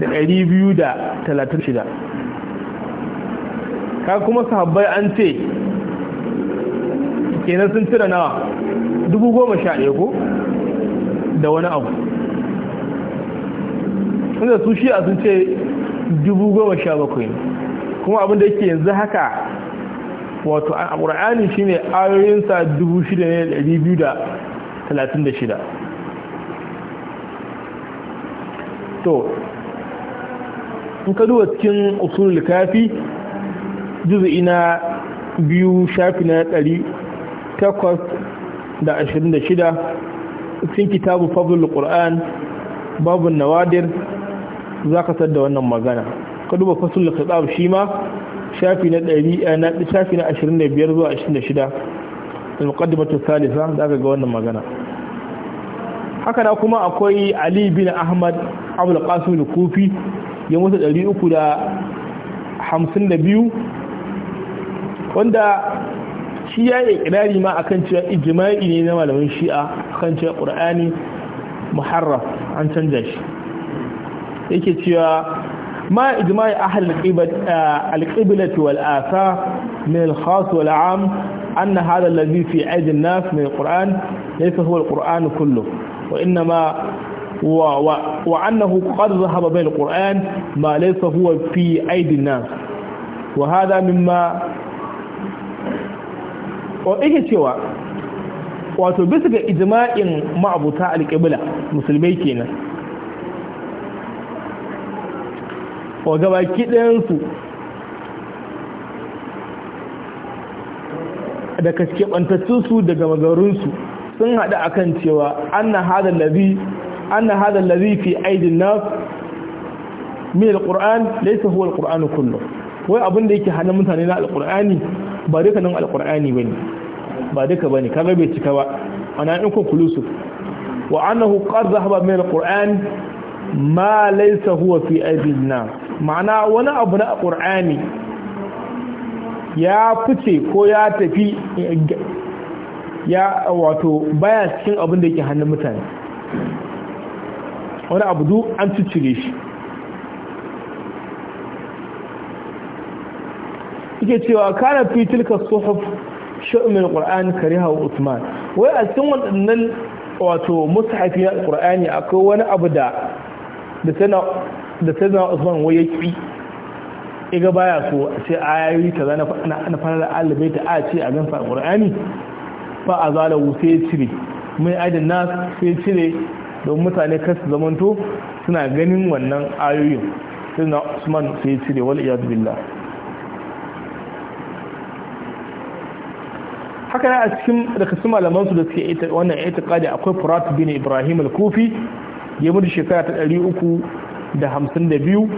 da ɗari biyu da talatin shida ka kuma sahabbai an ce kenan sun tira nawa dubu goma sha ɗaya ko da wani abu inda su shi a sun ce dubu goma sha bakwai ne kuma abin da yake yanzu haka wato a ƙur'ani shine ayoyinsa 6,236 to in ka duba cikin usulul kafi juzu'i na biyu shafi na 826 cikin kitabu fadlul qur'an babu nawadir za zaka sadda wannan magana ka duba fasul khitab shi ma shafi na 100 eh, na shafi na 25 zuwa 26 al-muqaddimatu thalitha da ga wannan magana haka da kuma akwai Ali bin Ahmad Abdul Qasim al-Kufi ya mutu 352 wanda shi ya yi ikirari ma akan cewa ijma'i ne na malamin shi'a kan cewa qur'ani muharraf an canja shi yake cewa ما إجماع أهل آه، القبلة والآثار من الخاص والعام أن هذا الذي في أيدي الناس من القرآن ليس هو القرآن كله وإنما و و وأنه قد ذهب بين القرآن ما ليس هو في أيدي الناس وهذا مما وإيه سوى وتبسك إجماع ga القبلة ma'abuta wa gaba kiɗansu da kaskeɓantattunsu daga magarinsu sun haɗu a kan cewa ana na hada labi fi aidin nas min alƙur'an laisa huwa alƙur'anu kullum wai abin da yake hannun mutane na alƙur'ani ba duka nan alƙur'ani ba ne ba duka ba ne kaga bai cika ba ana in conclusive wa annahu qad zahaba min alqur'an ma laisa huwa fi aidina ma'ana wani abu na qur'ani ya fice ko ya tafi ya wato baya cikin abin da yake hannun mutane wani abu duk an ciccire shi yake cewa kana fi tilka suhuf sha'min qur'an kariha wa usman wai a cikin waɗannan wato mushafi na qur'ani akwai wani abu da da sai zama usman wai ya ƙi iga baya so a ce ayoyi ta zana na fara alibai ta a ce a gan a ƙur'ani ba a zala wuce cire mai ajin na sai cire don mutane kasu zamanto suna ganin wannan ayoyin sai na usman sai cire wal iyadu billah haka na a cikin da kasu malamansu da suke wannan ita akwai furatu bin ibrahim al-kufi ya mutu shekara ta ɗari uku da da hamsin biyu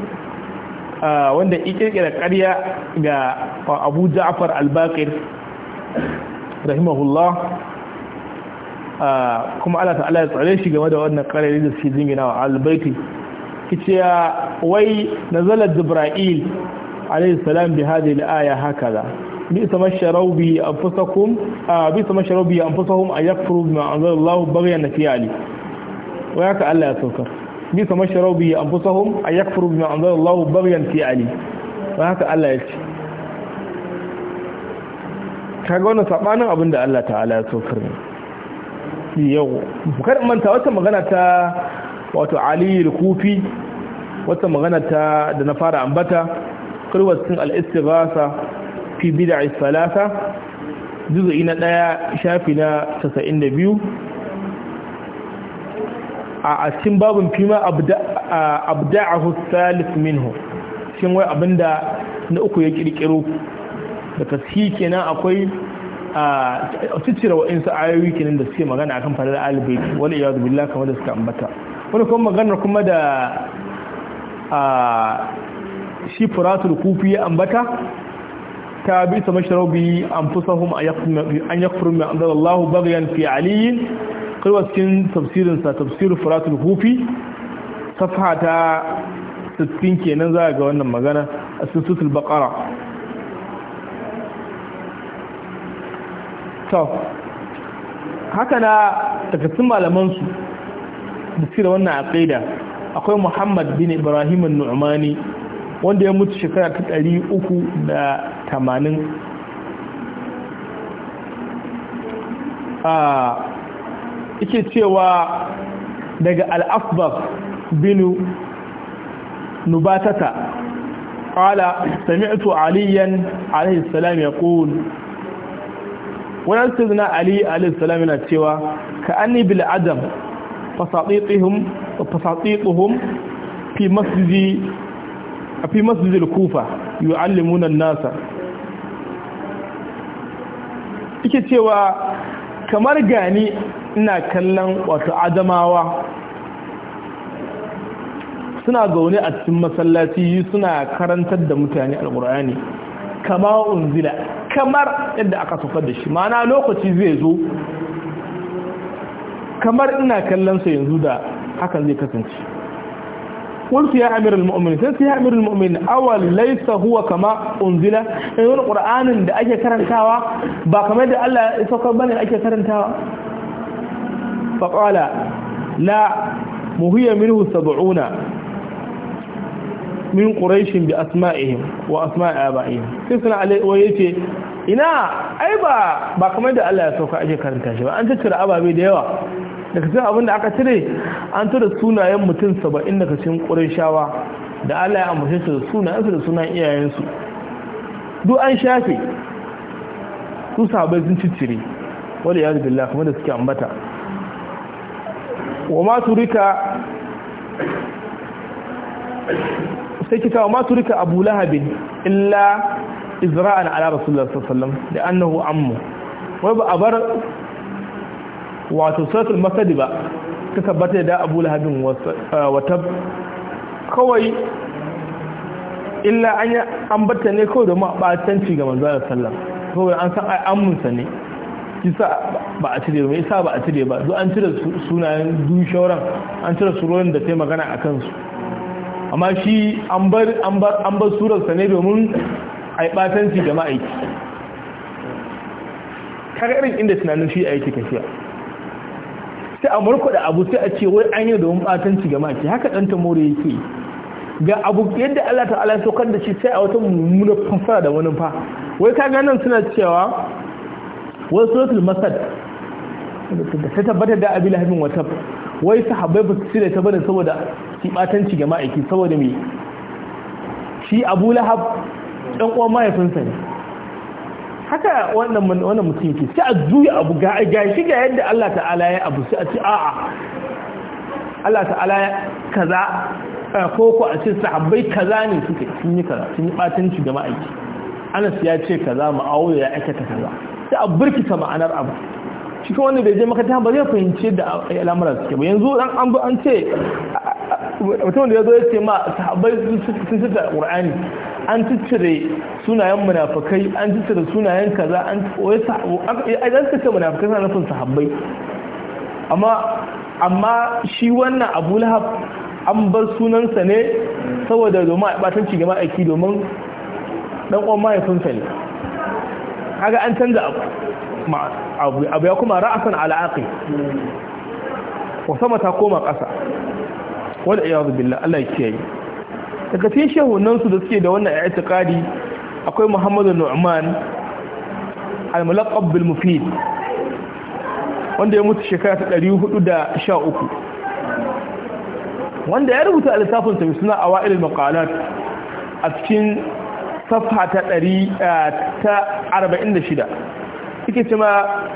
wanda ƙirƙira karya ga abu ja'far al-baqir rahimahullah kuma ala ta'ala ya tsare shi game da wannan karari da suke jingina wa albaiti ya wai nazalar jibra'il alayhi salam bi hadhihi al-aya hakaza bisa masharau bi anfusakum bisa masharau bi anfusahum ayakfuru bima anzala baghyan fi ali wai haka Allah ya saukar bi kamar sharau bi anfusahum ay yakfuru bima anzalallahu baghyan fi ali wai haka Allah ya ce kaga wannan sabanin abin da Allah ta'ala ya saukar ne yau kar manta wata magana ta wato Ali al-Kufi wata magana ta da na fara ambata qirwatin al-istighasa fi bid'i salasa juz'i na 1 shafi na 92 a cikin babin fima abda'ahu salif minhu cikin wai abinda na uku ya kirkiro daga shi kenan akwai a ciccira wa'insu ayoyi kenan da suke magana akan farar alibai wani iya zubilla kamar da suka ambata wani kuma maganar kuma da shi furatul kufi ya ambata ta bi sa mashrabi an fusahum an yakfuru ma anzalallahu baghyan fi aliyin kaiwa cikin tafsirinsa tafsirin furatul hufi safha ta 60 kenan za ga wannan magana a sisutul baqara to haka na takasin malamansu da cire wannan aqida akwai muhammad bin ibrahim nu'mani wanda ya mutu shekara ta uku 380 a ah, yake cewa daga al'afbab binu nubatata ƙala sami'atu aliyan alaihissalam ya ƙun wadanda su zina ali alaihissalam yana cewa ka anni bil adam fasaɗiɗuhum fi masjidi a fi masjidil kufa yu'allimuna nasa ike cewa kamar gani ina kallon wato adamawa suna zaune a cikin masallaci suna karantar da mutane alkur'ani kama unzila kamar yadda aka saukar da shi mana lokaci zai zo kamar ina kallon sa yanzu da hakan zai kasance قلت يا أمير المؤمنين سيس يا أمير المؤمنين أول ليس هو كما أنزل إن القرآن دا أجي كرنتاوا باكما دا الله إسوكا بني أجي كرنتاوا فقال لا مهي منه سبعون من قريش بأسمائهم وأسماء آبائهم سيسنا عليه ويتي إنا ai ba ba kamar da Allah ya sauka aje أنت ترى أبا an daga cikin abin da aka cire an tura sunayen mutum saba'in daga cikin ƙurashawa da Allah ya ambace su da sunayensu da sunan iyayensu duk an shafe su sabai sun ciccire wani ya zubi kamar da suke ambata wa ma turika sai wa abu lahabin illa izra'an ala rasulullah sallallahu da annahu ammu wai ba a bar wato suratul masadi ba ta tabbata da abu lahabin wata kawai illa an yi ne kawai da a ga manzo da sallam kawai an san amunsa ne isa ba a cire ba isa ba a cire ba duk an cire sunayen dushauran an cire surorin da sai magana a kansu amma shi an bar an surarsa ne domin a yi ɓatanci ga ma'aiki irin inda tunanin shi a yake tafiya sai a da abu sai a ce wai an yi domin batanci ga mace haka ta more yake ga abu yadda Allah ta'ala saukar da shi sai a wata mummuna fansara da wani fa wai ka ga nan suna cewa wai suratul masad ta tabbatar da abin lahabin wata wai sahabbai ba su sire ta bane saboda shi batanci ga ma'aiki saboda me shi abu lahab dan uwan mahaifinsa ne haka wannan wannan mutum ke sai a juya abu ga gashi ga yadda Allah ta'ala ya abu sai a ce a'a Allah ta'ala kaza ko ko a ce sahabbai kaza ne suke sun yi kaza sun yi batanci ga ma'aiki Anas ya ce kaza ma'awiya ya aikata kaza sai a burkita ma'anar abu ko wanda bai je makaranta ba zai fahimci da al'amuran suke ba yanzu dan an an ce mutum da ya zo ya ce ma sahabbai sun sita qur'ani an tattare sunayen munafakai an tattare sunayen kaza an koyi idan suka munafakai suna nufin sahabbai amma amma shi wannan abu lahab an bar sunansa ne saboda domin a ci ga ma'aiki domin dan uwan mahaifinsa ne kaga an canza abu abu ya kuma ra'asan al'aqi wa sama ta koma ƙasa wal iyad billah Allah ya kiyaye daga cikin shehunan su da suke da wannan i'tiqadi akwai Muhammadu Nu'man al-mulaqab bil mufid wanda ya mutu shekara ta 413 wanda ya rubuta al-safin sa suna awail al-maqalat a cikin safha ta 46 eh, yake cewa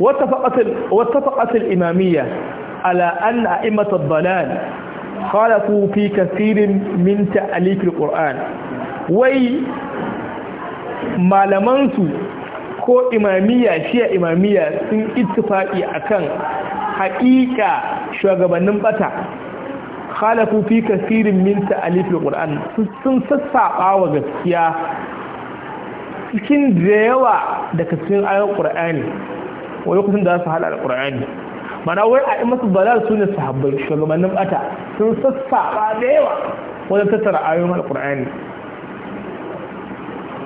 واتفقت eh, واتفقت imamiyya ala anna أئمة الضلال khalafu fi kasirin min ta'alikul qur'an wai malaman su ko shi shiya imamiya sun ittifaqi akan haƙiƙa shugabannin bata khalafu fi kasirin min ta'alikul qur'an sun sassaɓa wa gaskiya cikin da yawa daga cikin ayoyin qur'ani wani kusan da su hada alqur'ani mana wai a imatu balal su ne sahabbai shugabannin bata sun sassaɓa da yawa wajen tattara ayoyin alkur'ani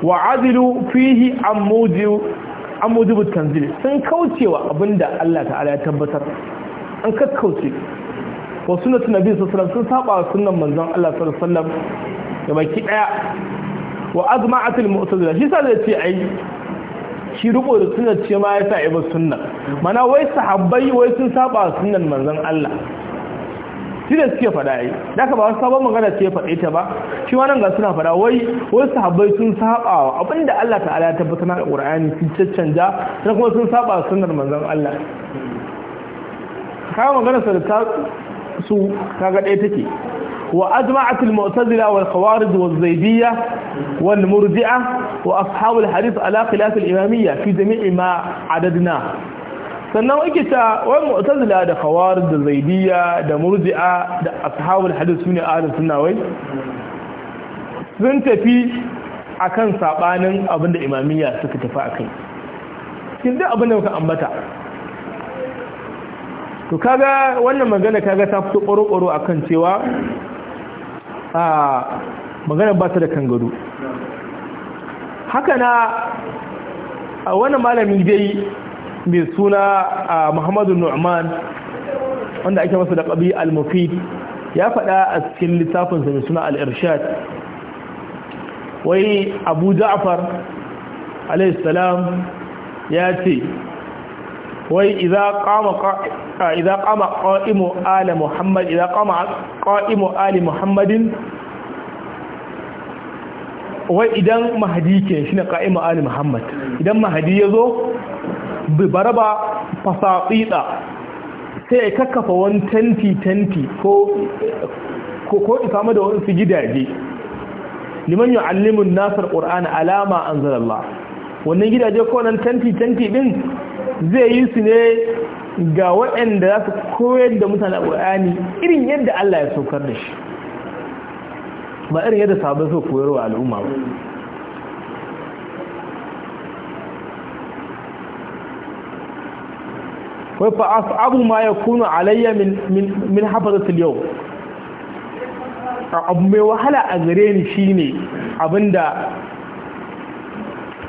wa azilu fihi an mujibu tanzili sun kaucewa abinda Allah ta'ala ya tabbatar an kakkauce wa suna nabi biyu alaihi sun saba sunan manzon Allah sallallahu alaihi wasallam baki daya wa azma'atul mu'tazila shi sa zai ce ai shi rubo da sunan ce ma yasa ibi sunna mana wai sahabbai wai sun saba sunnan manzon Allah shi da suke faɗa yi da ka ba wasu sabon magana ce faɗe ta ba shi wannan ga suna faɗa wai wai sahabbai sun saba wa abinda Allah ta'ala ya tabbata na ƙur'ani sun caccanja sai kuma sun saba sunnar manzon Allah kawo magana sa da ta su kaga ɗaya take وأجمعت المعتزلة والخوارج والزيدية والمرجئة وأصحاب الحديث على خلاف الإمامية في جميع ما عددناه sannan wake ta wai mu'tazila da khawarij da zaidiyya da murji'a da ashabul hadith sune ahlus sunna wai sun tafi akan sabanin abinda imamiyya suka tafi akai kin da abinda muka ambata to kaga wannan magana kaga ta fito ƙoro-ƙoro akan cewa a maganar ba ta da kan haka na a wani malami dai mai suna a muhammadu nu'man wanda ake masa da ƙabi al-mufid ya faɗa a cikin littafinsa mai suna al-irshad wai abu ja'far salam ya ce wai idza qama idza قام قائم ala muhammad idza قام قائم ali muhammadin wai idan mahadi ke shine qa'imu ali muhammad idan mahadi ya zo baraba fasatida sai ya kakkafa wani tanti tanti ko ko da wani gidaje liman yu'allimun nasar qur'ana alama anzalallah wannan gidaje ko nan tanti tanti din zai yi su ne ga waɗanda za su koyar da mutane ƙwa'ani irin yadda Allah ya saukar da shi ba irin yadda sabon so koyarwa al'umma ba wai fa abu ma ya kuna alayya min hafazatul yau abu mai wahala a gare ni shine abinda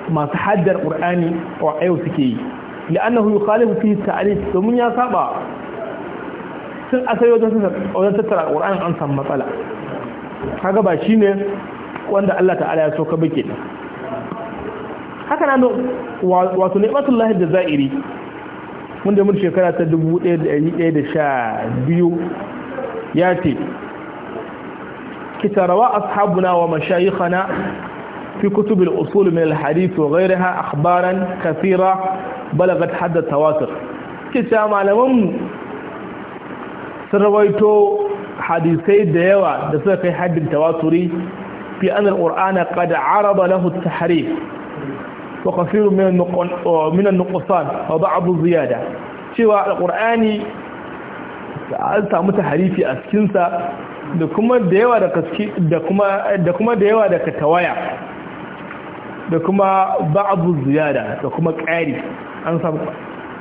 masu haddar ƙur'ani a yau suke yi لأنه يخالف فيه domin ومن يصابع sun asali wajen tattara ƙur'anin an san matsala haka ba shi ne wanda Allah ta'ala ya so ka bake ta haka na wato ne ɓatun lahir da za'iri da mun shekara ta 1112 ya ce kitarawa ashabuna wa mashayikhana في كتب الأصول من الحديث وغيرها أخبارا كثيرة balagat hadda tawatur kita malaman sun rawaito hadisai da yawa da suka kai haddin tawaturi fi an al-qur'ana qad araba lahu at-tahrif wa kathirun min an wa wa ba'd ziyada cewa al-qur'ani an samu tahrifi a cikin da kuma da yawa da kaski da kuma da kuma da yawa daga tawaya da kuma ba'd ziyada da kuma ƙari an samu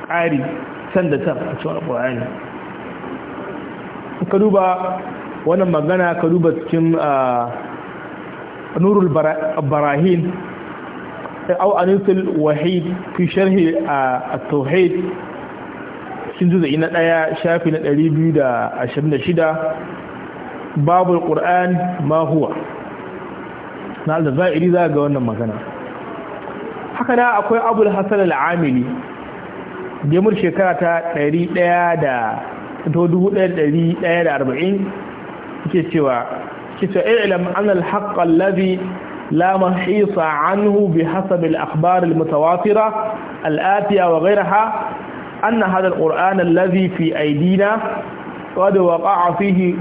ƙari can da can a cikin alƙur'ani ka duba wannan magana ka duba cikin ah, nurul barahin au anisul wahid fi sharhi a ah, tauhid cikin juza'i na ɗaya shafi na 226 babu alƙur'an ma huwa na alda za'iri za ga wannan magana haka na akwai abul hasan al'amili jimur shekara ta 1140 ke cewa ke cewa ilam an alhaƙa la mahisa anhu bi hasab al-akhbar al-mutawatira al-atiya wa ghayraha أن هذا القرآن الذي في أيدينا قد ba فيه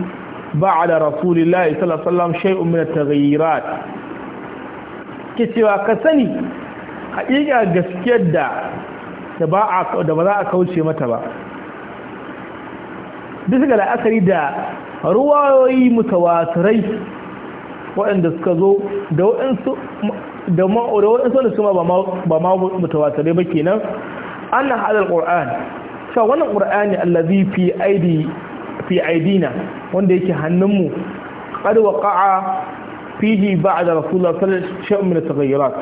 بعد رسول الله صلى الله عليه وسلم شيء من التغييرات كتوا haƙiƙa gaskiyar da da ba za a kauce mata ba bisa ga la'akari da ruwayoyi mutawatirai waɗanda suka zo da waɗansu da waɗansu da suma ba ma mutawatirai ba kenan an na haɗar ƙur'an Sha wannan ne allazi fi aidi fi aidina wanda yake hannunmu qad waqa'a fihi ba'da rasulullah sallallahu alaihi wasallam shay'un min at-taghayurat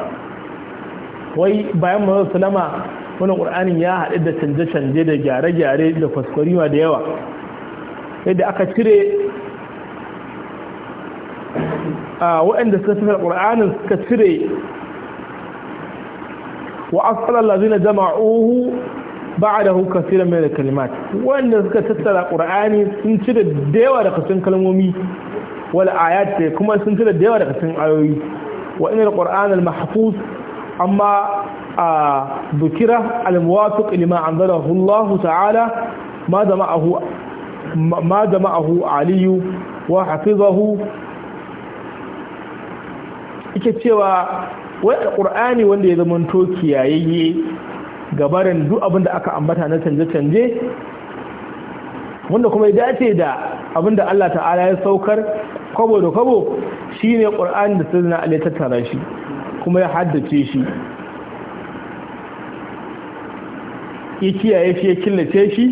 wai bayan manzon sallama wani qur'anin ya haɗu da canje-canje da gyare-gyare da kwaskwariwa da yawa yadda aka cire a waɗanda suka cire qur'anin suka cire wa asfalar lazina jama'uhu ba'dahu kaseeran mai da kalimat wanda suka tattara qur'ani sun cire da yawa daga cikin kalmomi wal ayat kuma sun cire da yawa daga cikin ayoyi wa inal qur'an al-mahfuz amma a bukira al-muwafiq lima anzalahu Allah ta'ala ma jama'ahu ma jama'ahu Ali wa hafizahu yake cewa wai alqur'ani wanda ya zama to kiyayeye gabaran duk abinda aka ambata na canje-canje wanda kuma ya dace da abinda Allah ta'ala ya saukar kwabo da kwabo shine qur'ani da sunna alaita Tattara shi kuma ya haddace shi ya kiyaye shi ya killace shi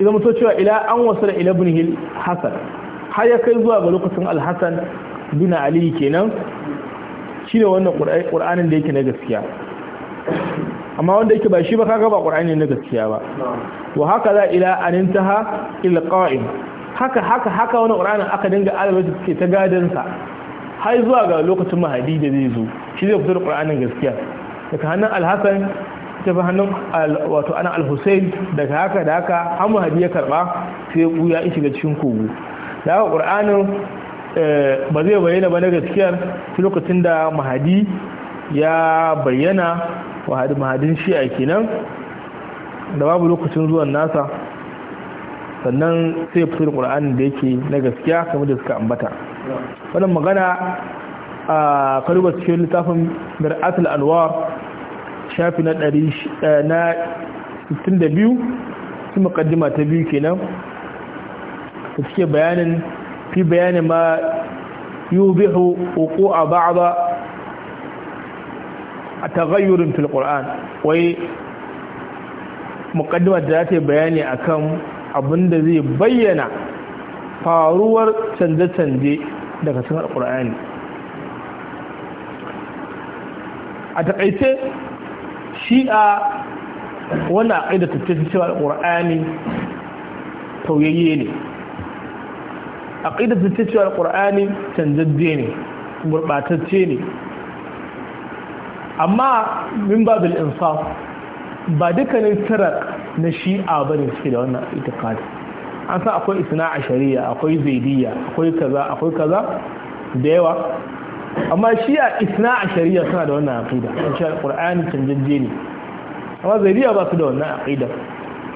idan mutu cewa ila an wasu da ila bin hasan har ya kai zuwa ga lokacin alhassan bin ali kenan shi ne wannan ƙur'anin da yake na gaskiya amma wanda yake ba shi ba kaga ba ƙur'ani na gaskiya ba wa haka za ila an ha ila ƙawa'in haka haka haka wani ƙur'anin aka dinga alabar suke ta gadansa har zuwa ga lokacin mahadi da zai zo shi zai fito da qur'anin gaskiya daga hannun alhassan ta fi hannun wato ana alhussein daga haka da haka an mahadi ya karba sai ya ya shiga cikin kogo da haka qur'anin eh, ba zai bayyana ba na gaskiyar sai lokacin da mahadi ya bayyana mahadin shi'a kenan da babu lokacin zuwan nasa sannan sai da qur'anin da yake na gaskiya kamar da suka ambata wannan magana a kalubar cikin littafin mir'atul anwar shafi na 62 su makaddima ta biyu kenan da suke bayanin fi bayanin ma yubihu uku a ba, a tagayyurin fil wai makaddima da za ta yi bayani akan abinda zai bayyana faruwar canje-canje daga cikin alkur'ani a takaice shi'a wani tafiye tattaci cewa alkur'ani tauyayye ne a tafiye tattaci cewa alkur'ani canjajje ne gurɓatacce ne amma min babil insaf ba dukkanin tarar na shi'a bane suke da wannan itikadin an san akwai isna a shari'a akwai zaidiyya akwai kaza akwai kaza da yawa amma shi a isna a shari'a suna da wannan aqida an shi alqur'ani canjanje ne amma zaidiyya ba su da wannan aqida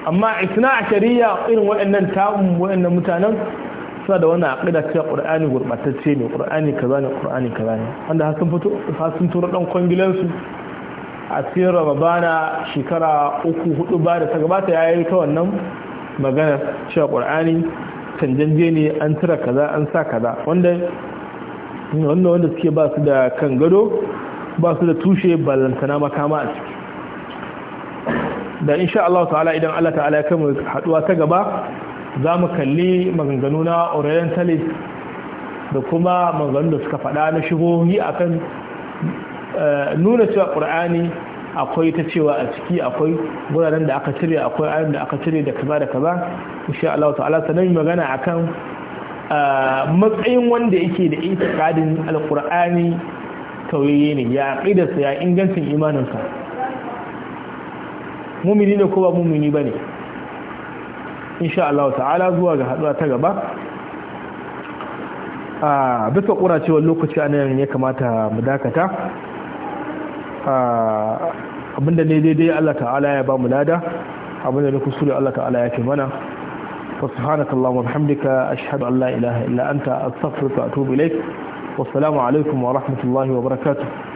amma isna a shari'a irin waɗannan ta'um waɗannan mutanen suna da wannan aqida cewa qur'ani gurbatacce ne qur'ani kaza ne qur'ani kaza ne wanda har sun fito har sun turo dan kwangilan su a cikin ramadana shekara uku hudu ba da ta gabata yi ta wannan magana cewa qur'ani canjanje ne an tura kaza an sa kaza wanda wanda suke ba su da kan gado ba su da tushe balantana makama a ciki da insha Allah ta'ala idan Allah ta'ala ya kama haduwa ta gaba za mu kalli maganganu na orientalist da kuma maganganu da suka faɗa na shigohi akan eh, nuna cewa qur'ani. akwai ta cewa a ciki akwai guraren da aka cire akwai ayon da aka cire da kaza da kaza insha Allah ta'ala sanan magana akan matsayin wanda yake da itikadin alqur'ani tauye ne ya sa ya ingancin imaninsa mumini ne ko ba mumini bane insha Allah ta'ala zuwa ga haduwa ta gaba a bisa cewa lokaci anan ya kamata mu dakata abinda ne daidai Allah ta'ala ya ba mu lada abinda ne kusuri Allah ta'ala ya ce mana fa subhanakallahumma wa bihamdika ashhadu an la ilaha illa anta astaghfiruka wa atubu ilaik alaikum wa rahmatullahi wa barakatuh